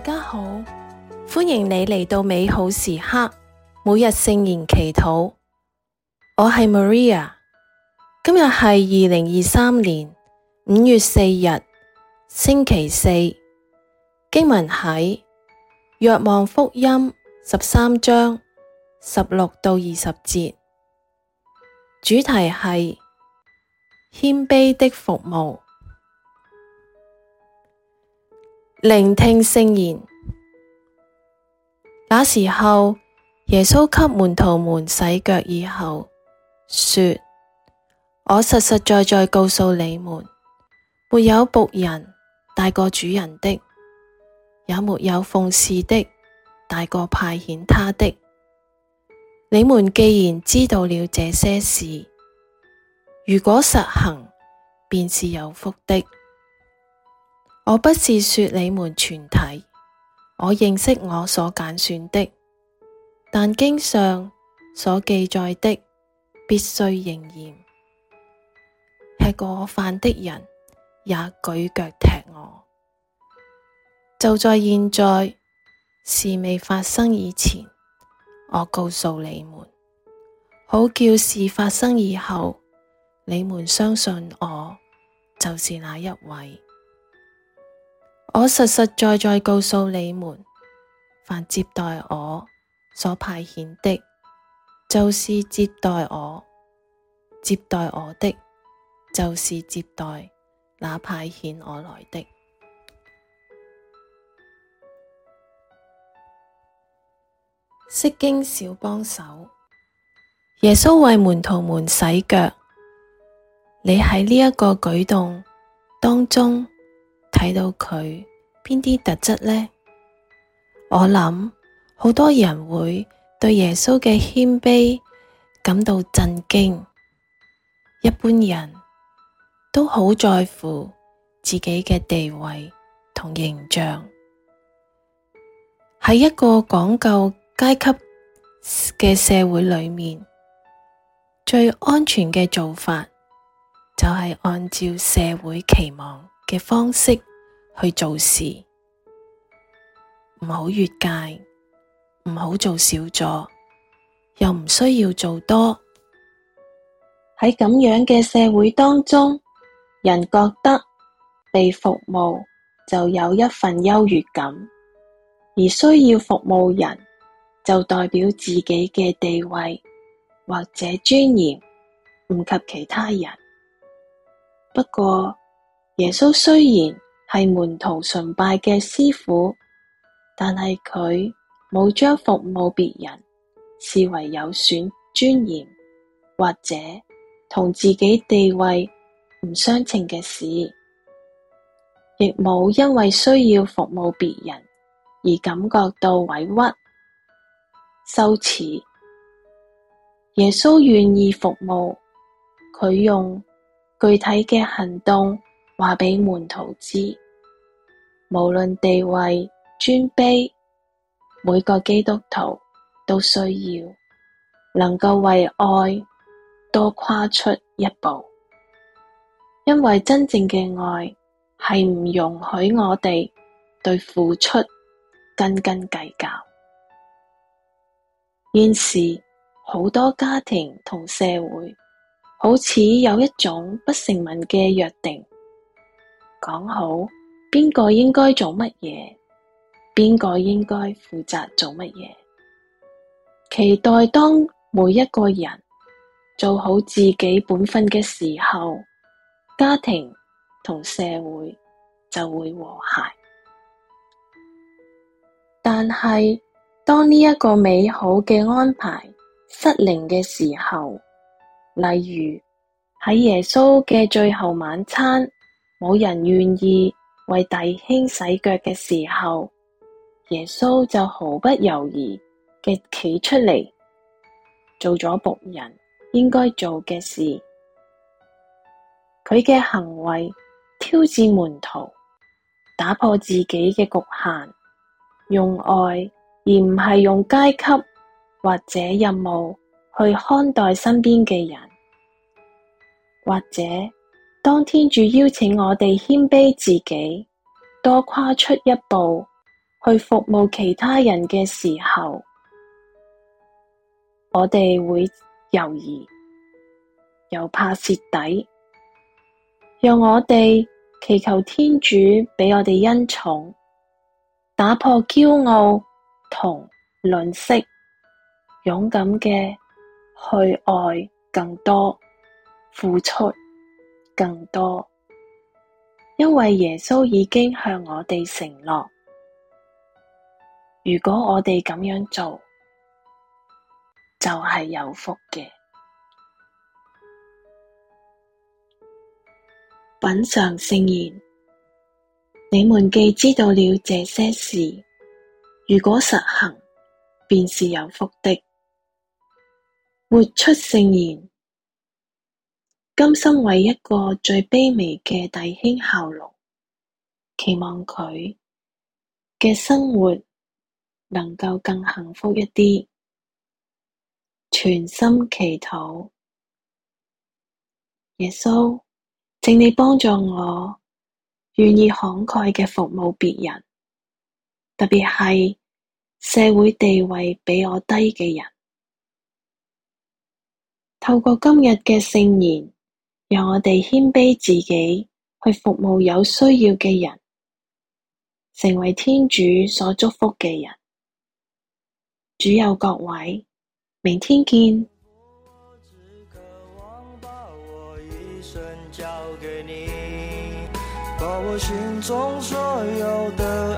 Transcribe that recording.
大家好，歡迎你嚟到美好時刻，每日聖言祈禱。我係 Maria，今日係二零二三年五月四日，星期四。經文喺《若望福音》十三章十六到二十節，主題係謙卑的服務。聆聽聖言。那時候，耶穌給門徒們洗腳以後，說：我實實在在告訴你們，沒有僕人大過主人的，也沒有奉使的大過派遣他的。你們既然知道了這些事，如果實行，便是有福的。我不是說你們全體，我認識我所揀選的，但經上所記載的必須應驗。吃過我飯的人也舉腳踢我，就在現在，事未發生以前，我告訴你們，好叫事發生以後，你們相信我就是那一位。我實實在在告訴你們，凡接待我所派遣的，就是接待我；接待我的，就是接待那派遣我來的。《釋經小幫手》，耶穌為門徒們洗腳。你喺呢一個舉動當中，睇到佢邊啲特質呢？我諗好多人會對耶穌嘅謙卑感到震驚。一般人都好在乎自己嘅地位同形象。喺一個講究階級嘅社會裏面，最安全嘅做法就係按照社會期望嘅方式，去做事唔好越界，唔好做少咗，又唔需要做多。喺咁樣嘅社會當中，人覺得被服務就有一份優越感，而需要服務人就代表自己嘅地位或者尊嚴唔及其他人。不過耶穌雖然，係門徒崇拜嘅師傅，但係佢冇將服務別人視為有損尊嚴或者同自己地位唔相稱嘅事，亦冇因為需要服務別人而感覺到委屈、羞恥。耶穌願意服務，佢用具體嘅行動。話俾門徒知，無論地位尊卑，每個基督徒都需要能夠為愛多跨出一步，因為真正嘅愛係唔容許我哋對付出斤斤計較。現時好多家庭同社會，好似有一種不成文嘅約定。講好邊個應該做乜嘢，邊個應該負責做乜嘢。期待當每一個人做好自己本分嘅時候，家庭同社會就會和諧。但係當呢一個美好嘅安排失靈嘅時候，例如喺耶穌嘅最後晚餐。冇人願意為弟兄洗腳嘅時候，耶穌就毫不猶豫嘅企出嚟，做咗僕人應該做嘅事。佢嘅行為挑戰門徒，打破自己嘅局限，用愛而唔係用階級或者任務去看待身邊嘅人，或者。當天主邀請我哋謙卑自己，多跨出一步去服務其他人嘅時候，我哋會猶豫，又怕蝕底，讓我哋祈求天主畀我哋恩寵，打破驕傲同吝嗇，勇敢嘅去愛更多，付出。更多，因為耶穌已經向我哋承諾，如果我哋咁樣做，就係、是、有福嘅。品嚐聖言，你們既知道了這些事，如果實行，便是有福的。活出聖言。甘心為一個最卑微嘅弟兄效勞，期望佢嘅生活能夠更幸福一啲，全心祈禱。耶穌，請你幫助我，願意慷慨嘅服務別人，特別係社會地位比我低嘅人。透過今日嘅聖言。讓我哋謙卑自己，去服務有需要嘅人，成為天主所祝福嘅人。主佑各位，明天見。我我我只渴望把把我一生交給你，把我心中所有的，